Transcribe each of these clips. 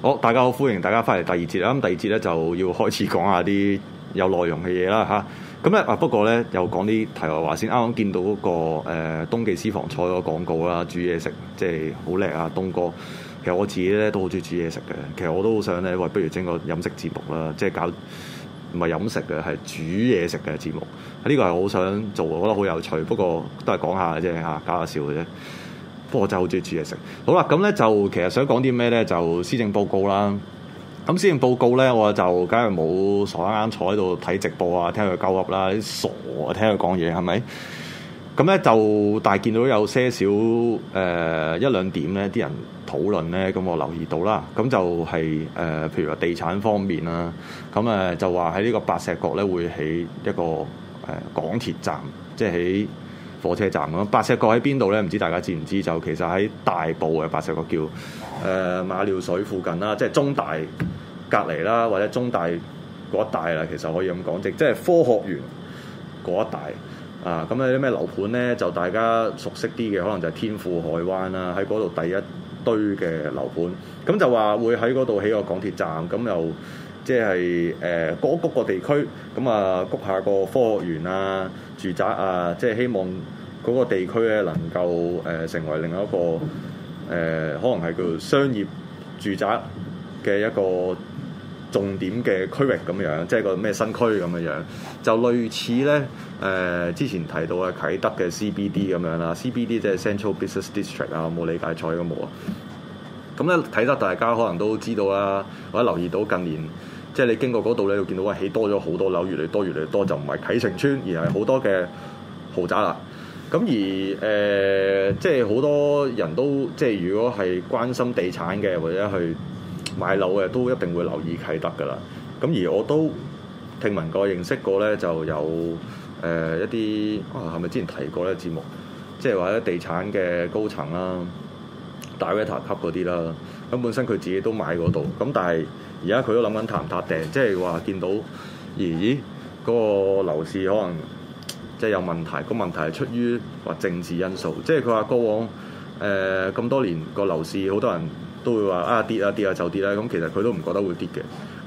好、哦，大家好，歡迎大家翻嚟第二節啊！咁第二節咧就要開始講下啲有內容嘅嘢啦嚇。咁咧啊，不過咧又講啲題外話先。啱啱見到嗰、那個、呃、東記私房菜個廣告啦，煮嘢食即係好叻啊，東哥。其實我自己咧都好中意煮嘢食嘅。其實我都好想咧，喂，不如整個飲食節目啦，即係搞唔係飲食嘅，係煮嘢食嘅節目。呢、這個係好想做，我覺得好有趣。不過都係講下嘅啫嚇，搞下笑嘅啫。不過我真係好中意煮嘢食。好啦，咁咧就其實想講啲咩咧，就施政報告啦。咁施政報告咧，我就梗係冇傻啱啱坐喺度睇直播啊，聽佢鳩噏啦，啲傻啊，聽佢講嘢係咪？咁咧就但係見到有些少誒、呃、一兩點咧，啲人討論咧，咁我留意到啦。咁就係、是、誒、呃，譬如話地產方面啦、啊，咁、啊、誒就話喺呢個白石角咧會起一個誒、呃、港鐵站，即係。火車站咁，白石角喺邊度咧？唔知大家知唔知？就其實喺大埔嘅白石角，叫誒馬料水附近啦，即係中大隔離啦，或者中大嗰一帶啦。其實可以咁講，即係科學園嗰一帶啊。咁有啲咩樓盤咧，就大家熟悉啲嘅，可能就係天賦海灣啦，喺嗰度第一堆嘅樓盤。咁就話會喺嗰度起個港鐵站咁又。即係誒各嗰個地區，咁、嗯、啊谷下個科學園啊、住宅啊，即係希望嗰個地區咧、啊、能夠誒、呃、成為另外一個誒、呃，可能係叫商業住宅嘅一個重點嘅區域咁樣，即係個咩新區咁樣，就類似咧誒、呃、之前提到嘅啟德嘅 CBD 咁樣啦、嗯、CBD 即係 Central Business District 啊，冇理解錯應該冇啊。咁咧睇得大家可能都知道啦，或者留意到近年。即係你經過嗰度咧，就見到啊起多咗好多樓，越嚟越多越嚟越多，就唔係啟成邨，而係好多嘅豪宅啦。咁而誒、呃，即係好多人都即係如果係關心地產嘅，或者去買樓嘅，都一定會留意啟德噶啦。咁而我都聽聞過、認識過咧，就有誒、呃、一啲係咪之前提過咧？節目即係話咧，地產嘅高層啦、大 VAT 級嗰啲啦，咁本身佢自己都買嗰度，咁但係。而家佢都諗緊彈唔彈定，即係話見到，咦咦，嗰、那個樓市可能即係有問題。個問題係出於話政治因素，即係佢話過往誒咁、呃、多年個樓市，好多人都會話啊跌啊跌啊就跌啦、啊。咁、啊啊啊、其實佢都唔覺得會跌嘅。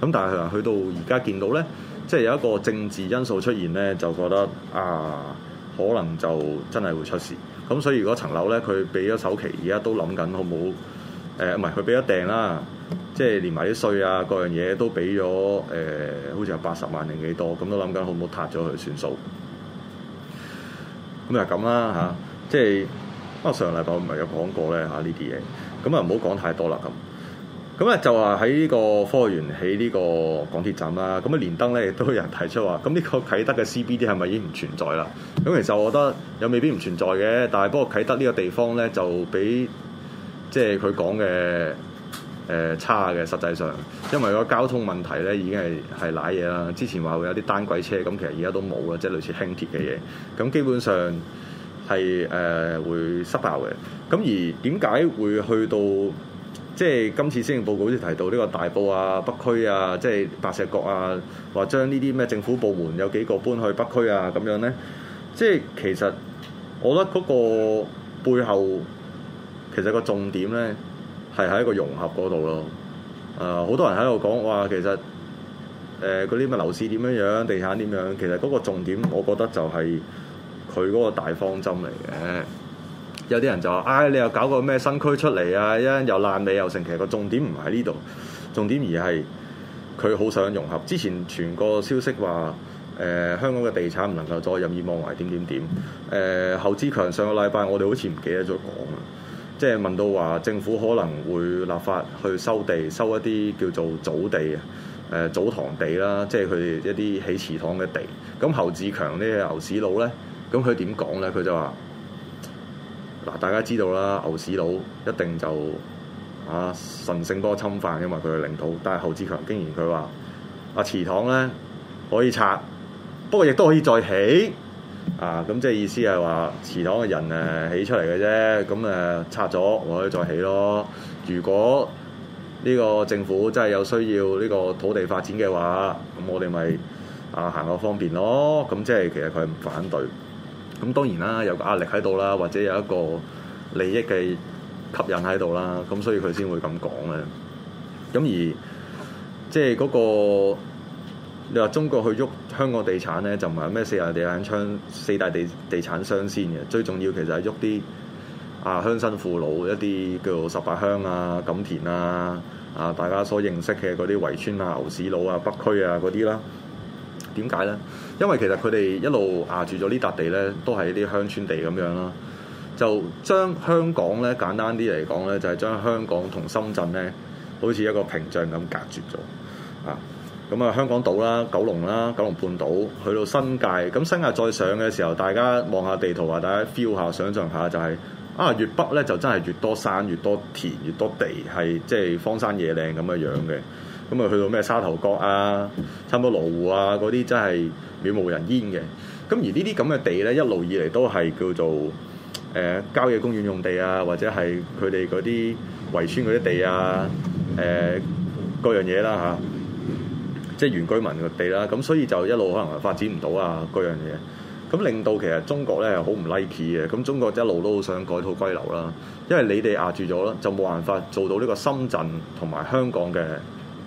咁但係佢話去到而家見到咧，即、就、係、是、有一個政治因素出現咧，就覺得啊，可能就真係會出事。咁所以如果層樓咧，佢俾咗首期，而家都諗緊好唔好。誒唔係，佢俾咗訂啦，即係連埋啲稅啊，各樣嘢都俾咗誒，好似有八十萬定幾多咁，都諗緊好唔好撻咗佢算數。咁啊咁啦嚇，即係、啊、不過上個禮拜唔係有講過咧嚇呢啲嘢，咁啊唔好講太多啦咁。咁啊就話喺呢個科學園起呢個港鐵站啦，咁啊連登咧亦都有人提出話，咁呢個啟德嘅 CBD 係咪已經唔存在啦？咁其實我覺得又未必唔存在嘅，但係不過啟德呢個地方咧就俾。即係佢講嘅誒差嘅，實際上，因為個交通問題咧，已經係係瀨嘢啦。之前話會有啲單軌車，咁其實而家都冇啦，即係類似輕鐵嘅嘢。咁基本上係誒、呃、會失爆嘅。咁而點解會去到即係今次施政報告好似提到呢個大埔啊、北區啊、即係白石角啊，話將呢啲咩政府部門有幾個搬去北區啊咁樣咧？即係其實我覺得嗰個背後。其實個重點咧係喺一個融合嗰度咯。誒、呃，好多人喺度講話，其實誒嗰啲乜樓市點樣樣、地產點樣，其實嗰個重點，我覺得就係佢嗰個大方針嚟嘅。有啲人就話：唉、哎，你又搞個咩新區出嚟啊？一陣又爛尾又成。其實個重點唔喺呢度，重點而係佢好想融合。之前傳個消息話，誒、呃、香港嘅地產唔能夠再任意妄為點點點。誒、呃，侯志強上個禮拜我哋好似唔記得咗講即係問到話政府可能會立法去收地，收一啲叫做祖地、誒祖堂地啦，即係佢哋一啲起祠堂嘅地。咁侯志強呢牛屎佬呢，咁佢點講呢？佢就話：嗱，大家知道啦，牛屎佬一定就啊神聖多侵犯，因為佢係領土。但係侯志強竟然佢話：啊祠堂呢，可以拆，不過亦都可以再起。啊，咁即係意思係話祠堂嘅人誒起出嚟嘅啫，咁誒、啊、拆咗我可以再起咯。如果呢個政府真係有需要呢個土地發展嘅話，咁我哋咪啊行個方便咯。咁即係其實佢唔反對。咁當然啦，有個壓力喺度啦，或者有一個利益嘅吸引喺度啦，咁所以佢先會咁講嘅。咁而即係嗰、嗰個你話中國去喐。香港地產咧就唔係咩四大地產商、四大地地產商先嘅，最重要其實係喐啲啊鄉紳父老，一啲叫做十八鄉啊、錦田啊、啊大家所認識嘅嗰啲圍村啊、牛屎佬啊、北區啊嗰啲啦。點解咧？因為其實佢哋一路壓、啊、住咗呢笪地咧，都係啲鄉村地咁樣咯。就將香港咧簡單啲嚟講咧，就係、是、將香港同深圳咧，好似一個屏障咁隔絕咗啊。咁啊，香港島啦、九龍啦、九龍半島，去到新界。咁新界再上嘅時候，大家望下地圖啊，大家 feel 下、想像下、就係，就係啊，越北咧就真係越多山、越多田、越多地，係即係荒山野嶺咁嘅樣嘅。咁啊，去到咩沙頭角啊、差唔多羅湖啊嗰啲，真係渺無人煙嘅。咁而這這呢啲咁嘅地咧，一路以嚟都係叫做誒、呃、郊野公園用地啊，或者係佢哋嗰啲圍村嗰啲地啊，誒、呃、各樣嘢啦嚇。即係原居民嘅地啦，咁所以就一路可能發展唔到啊，嗰樣嘢，咁令到其實中國咧好唔 like 嘅，咁中國一路都好想改土歸流啦，因為你哋壓住咗啦，就冇辦法做到呢個深圳同埋香港嘅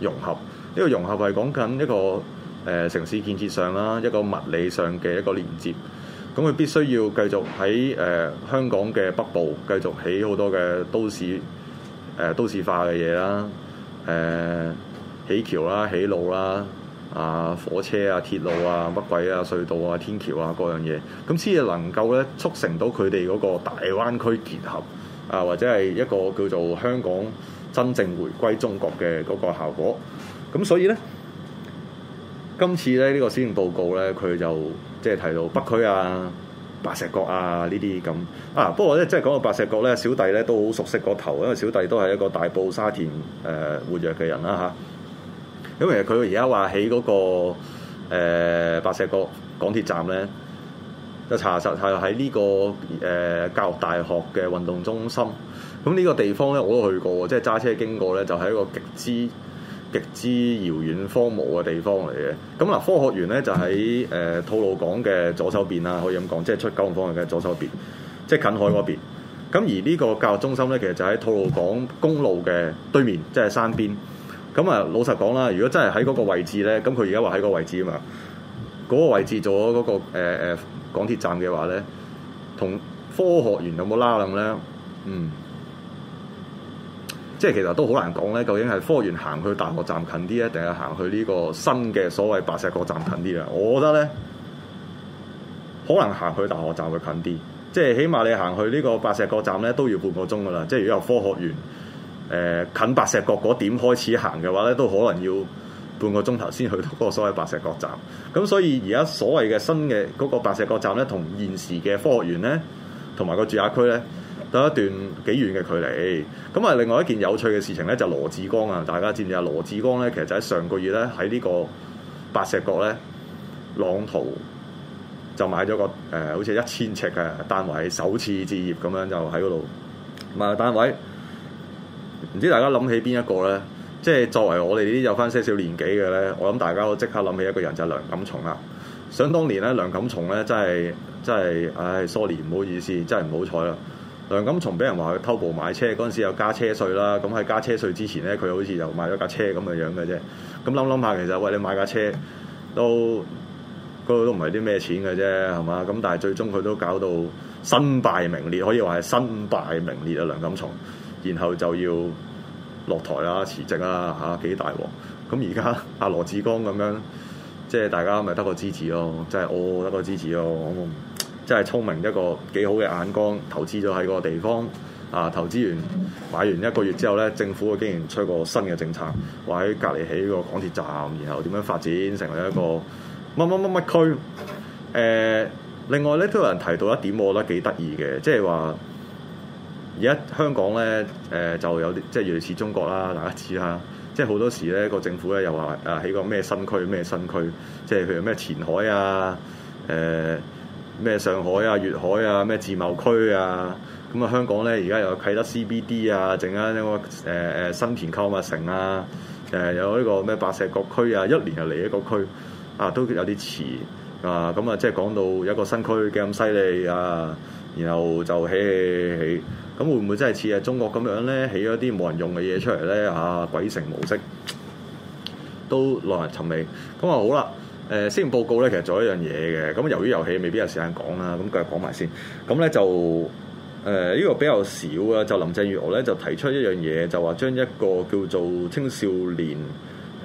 融合。呢、這個融合係講緊一個誒、呃、城市建設上啦，一個物理上嘅一個連接，咁佢必須要繼續喺誒、呃、香港嘅北部繼續起好多嘅都市誒、呃、都市化嘅嘢啦，誒、呃。起橋啦、啊、起路啦、啊、啊火車啊、鐵路啊、乜鬼啊、隧道啊、天橋啊，各樣嘢，咁先至能夠咧促成到佢哋嗰個大灣區結合啊，或者係一個叫做香港真正回歸中國嘅嗰個效果。咁所以咧，今次咧呢、這個施政報告咧，佢就即係提到北區啊、白石角啊呢啲咁啊。不過咧，即係講到白石角咧，小弟咧都好熟悉個頭，因為小弟都係一個大埔沙田誒、呃、活躍嘅人啦嚇。咁其實佢而家話喺嗰個、呃、白石角港鐵站咧，就查實係喺呢個誒、呃、教育大學嘅運動中心。咁呢個地方咧，我都去過，即係揸車經過咧就喺、是、一個極之極之遙遠荒蕪嘅地方嚟嘅。咁嗱，科學園咧就喺誒、呃、吐露港嘅左手邊啦，可以咁講，即係出九龍方向嘅左手邊，即係、就是就是、近海嗰邊。咁而呢個教育中心咧，其實就喺吐露港公路嘅對面，即、就、係、是、山邊。咁啊，老實講啦，如果真係喺嗰個位置咧，咁佢而家話喺個位置啊嘛，嗰、嗰個位置做咗嗰、嗰個、呃呃、港鐵站嘅話咧，同科學園有冇拉楞咧？嗯，即係其實都好難講咧，究竟係科學園行去大學站近啲啊，定係行去呢個新嘅所謂白石角站近啲啊？我覺得咧，可能行去大學站會近啲，即係起碼你行去呢個白石角站咧都要半個鐘噶啦，即係如果由科學園。誒近白石角嗰點開始行嘅話咧，都可能要半個鐘頭先去到嗰個所謂白石角站。咁所以而家所謂嘅新嘅嗰個白石角站咧，同現時嘅科學園咧，同埋個住宅區咧，都一段幾遠嘅距離。咁啊，另外一件有趣嘅事情咧，就是、羅致光啊，大家知唔知啊？羅致光咧，其實就喺上個月咧，喺呢個白石角咧，朗濤就買咗個誒、呃，好似一千尺嘅單位，首次置業咁樣就喺嗰度買個單位。唔知大家諗起邊一個呢？即係作為我哋呢啲有翻些少年紀嘅呢，我諗大家都即刻諗起一個人就係梁錦松啦。想當年呢，梁錦松呢真係真係，唉，sorry 唔好意思，真係唔好彩啦。梁錦松俾人話佢偷步買車，嗰陣時又加車稅啦。咁喺加車稅之前呢，佢好似又買咗架車咁嘅樣嘅啫。咁諗諗下，其實喂，你買架車都嗰度都唔係啲咩錢嘅啫，係嘛？咁但係最終佢都搞到身敗名裂，可以話係身敗名裂啊，梁錦松。然後就要落台啦、辭職啦嚇幾大鑊！咁而家阿羅致光咁樣，即係大家咪得個支持咯，即係我得個支持咯，即、嗯、係聰明一個幾好嘅眼光，投資咗喺個地方啊，投資完買完一個月之後咧，政府竟然出個新嘅政策，話喺隔離起個港鐵站，然後點樣發展成為一個乜乜乜乜區？誒、呃，另外咧都有人提到一點，我覺得幾得意嘅，即係話。而家香港咧，誒、呃、就有啲即係越嚟似中國啦，大家知啦。即係好多時咧，個政府咧又話啊，起個咩新區咩新區，即係譬如咩前海啊，誒、呃、咩上海啊、粵海啊、咩自貿區啊。咁、嗯、啊，香港咧而家又啟德 CBD 啊，整啊呢個誒新田購物城啊，誒、呃、有呢個咩白石角區啊，一年又嚟一個區啊，都有啲遲啊。咁、嗯、啊，即係講到一個新區幾咁犀利啊，然後就起起，起咁會唔會真係似係中國咁樣咧，起咗啲冇人用嘅嘢出嚟咧？啊，鬼城模式都耐人尋味。咁啊好啦，誒先報告咧，其實做一樣嘢嘅。咁由於遊戲未必有時間講啦，咁繼續講埋先。咁咧就誒呢、呃這個比較少啊。就林鄭月娥咧就提出一樣嘢，就話將一個叫做青少年。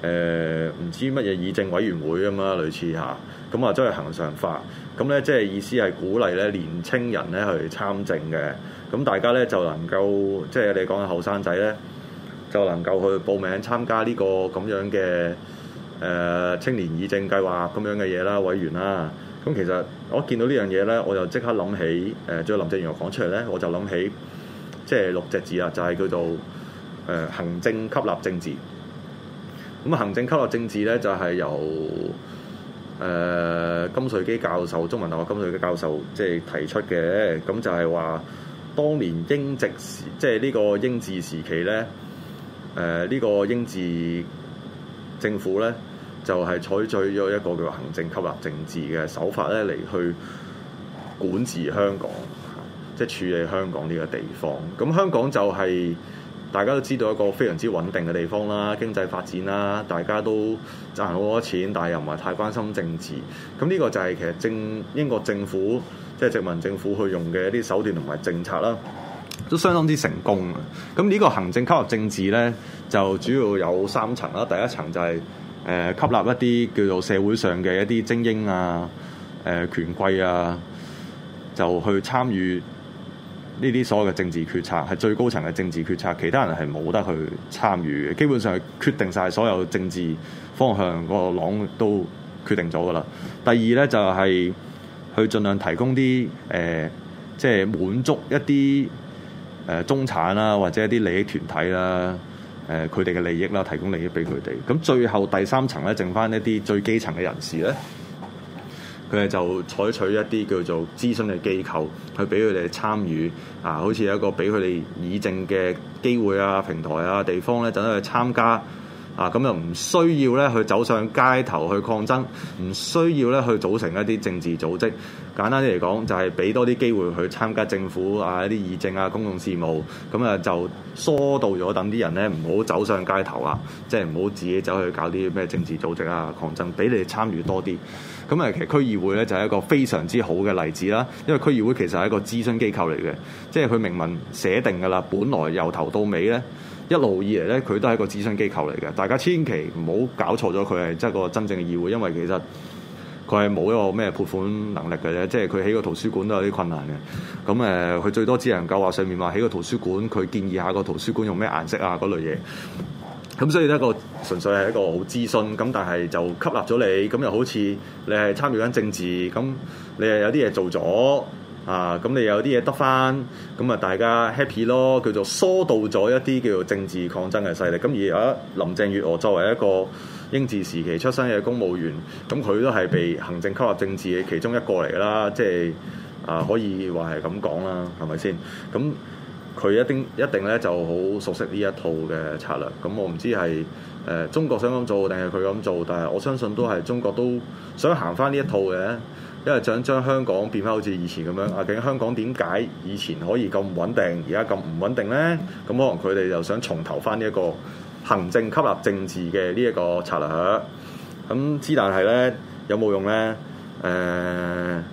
誒唔、呃、知乜嘢議政委員會咁啊，類似吓，咁啊真係恆常化，咁咧即係意思係鼓勵咧年青人咧去參政嘅，咁大家咧就能夠即係、就是、你講嘅後生仔咧，就能夠去報名參加呢個咁樣嘅誒、呃、青年議政計劃咁樣嘅嘢啦，委員啦，咁其實我一見到呢樣嘢咧，我就即刻諗起誒，將、呃、林鄭月娥講出嚟咧，我就諗起即係六隻字啦，就係、是就是、叫做誒、呃、行政吸納政治。咁行政吸納政治咧，就係由誒、呃、金瑞基教授，中文大學金瑞基教授即係提出嘅。咁就係話，當年英殖時，即係呢個英治時期咧，誒、呃、呢個英治政府咧，就係採取咗一個叫行政吸納政治嘅手法咧嚟去管治香港，即係處理香港呢個地方。咁香港就係。大家都知道一個非常之穩定嘅地方啦，經濟發展啦，大家都賺好多錢，但係又唔係太關心政治。咁呢個就係其實政英國政府即係、就是、殖民政府去用嘅一啲手段同埋政策啦，都相當之成功。咁呢個行政吸納政治呢，就主要有三層啦。第一層就係、是、誒、呃、吸納一啲叫做社會上嘅一啲精英啊、誒、呃、權貴啊，就去參與。呢啲所謂嘅政治決策係最高層嘅政治決策，其他人係冇得去參與嘅。基本上係決定晒所有政治方向個朗都決定咗㗎喇。第二呢，就係、是、去盡量提供啲誒、呃，即係滿足一啲誒、呃、中產啦，或者一啲利益團體啦，誒佢哋嘅利益啦，提供利益俾佢哋。咁最後第三層呢，剩翻一啲最基層嘅人士呢。嗯佢哋就採取一啲叫做諮詢嘅機構，去畀佢哋參與啊，好似有一個畀佢哋議政嘅機會啊、平台啊、地方咧，等佢參加。啊，咁又唔需要咧去走上街頭去抗爭，唔需要咧去組成一啲政治組織。簡單啲嚟講，就係俾多啲機會去參加政府啊，一啲議政啊、公共事務，咁啊就疏導咗等啲人咧唔好走上街頭啊，即係唔好自己走去搞啲咩政治組織啊、抗爭，俾你參與多啲。咁啊，其實區議會咧就係一個非常之好嘅例子啦啊，因為區議會其實係一個諮詢機構嚟嘅，即係佢明文寫定㗎啦，本來由頭到尾咧。一路以嚟咧，佢都係一個諮詢機構嚟嘅。大家千祈唔好搞錯咗，佢係即係個真正嘅議會，因為其實佢係冇一個咩撥款能力嘅啫。即係佢喺個圖書館都有啲困難嘅。咁、嗯、誒，佢、呃、最多只能夠話上面話喺個圖書館，佢建議下個圖書館用咩顏色啊嗰類嘢。咁、嗯、所以呢個純粹係一個好諮詢。咁但係就吸納咗你，咁又好似你係參與緊政治，咁、嗯、你係有啲嘢做咗。啊，咁你有啲嘢得翻，咁啊大家 happy 咯，叫做疏導咗一啲叫做政治抗爭嘅勢力。咁而家林鄭月娥作為一個英治時期出生嘅公務員，咁佢都係被行政吸納政治嘅其中一個嚟㗎啦，即係啊可以話係咁講啦，係咪先？咁佢一定一定咧就好熟悉呢一套嘅策略。咁我唔知係誒、呃、中國想咁做定係佢咁做，但係我相信都係中國都想行翻呢一套嘅。因為想將香港變翻好似以前咁樣，究竟香港點解以前可以咁穩定，而家咁唔穩定呢？咁可能佢哋又想重頭翻呢一個行政吸納政治嘅呢一個策略。咁之但係呢，有冇用呢？誒、呃，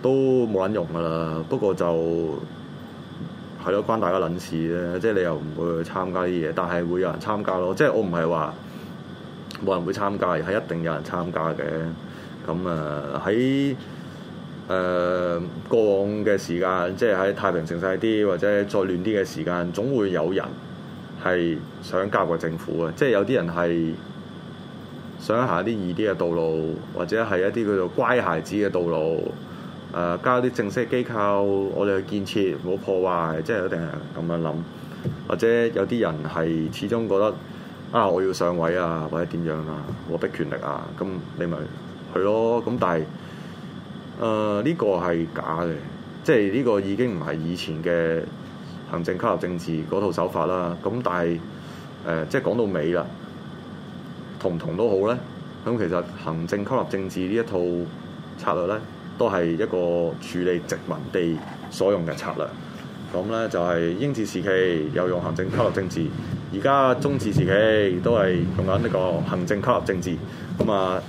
都冇人用噶啦。不過就係咯，關大家撚事咧。即係你又唔會去參加啲嘢，但係會有人參加咯。即係我唔係話冇人會參加，係一定有人參加嘅。咁啊！喺誒、嗯呃、過往嘅時間，即係喺太平盛世啲，或者再亂啲嘅時間，總會有人係想教個政府嘅。即係有啲人係想行一啲易啲嘅道路，或者係一啲叫做乖孩子嘅道路。誒，交啲正式機構我哋去建設，冇破壞，即係一定係咁樣諗，或者有啲人係始終覺得啊，我要上位啊，或者點樣啊，我逼權力啊。咁你咪～係咯，咁但係，誒、呃、呢、這個係假嘅，即係呢個已經唔係以前嘅行政勾勒政治行政吸納政治嗰套手法啦。咁但係，誒、呃、即係講到尾啦，同唔同都好咧。咁其實行政吸納政治呢一套策略咧，都係一個處理殖民地所用嘅策略。咁咧就係、是、英治時期又用行政吸納政治，而家中治時期都係用緊呢個行政吸納政治。咁啊～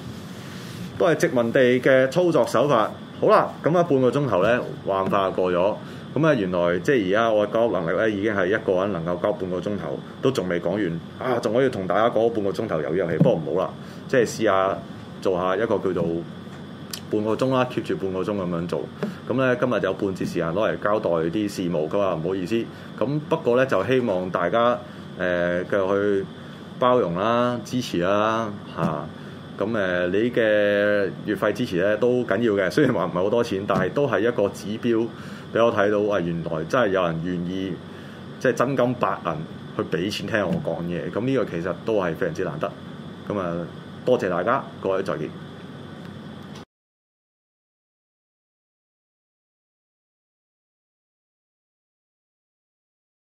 都係殖民地嘅操作手法。好啦，咁啊半個鐘頭咧，幻化過咗。咁啊原來即係而家我嘅交能力咧，已經係一個人能夠交半個鐘頭都仲未講完。啊，仲可以同大家講半個鐘頭遊呢個遊戲。不過唔好啦，即係試下做下一個叫做半個鐘啦，keep 住半個鐘咁樣做。咁咧今日就有半節時間攞嚟交代啲事務，咁啊唔好意思。咁不過咧就希望大家誒、呃、繼續去包容啦、支持啦嚇。啊咁誒，你嘅月費支持咧都緊要嘅，雖然話唔係好多錢，但係都係一個指標俾我睇到啊！原來真係有人願意即係、就是、真金白銀去俾錢聽我講嘢，咁呢個其實都係非常之難得。咁啊，多謝大家，各位再見。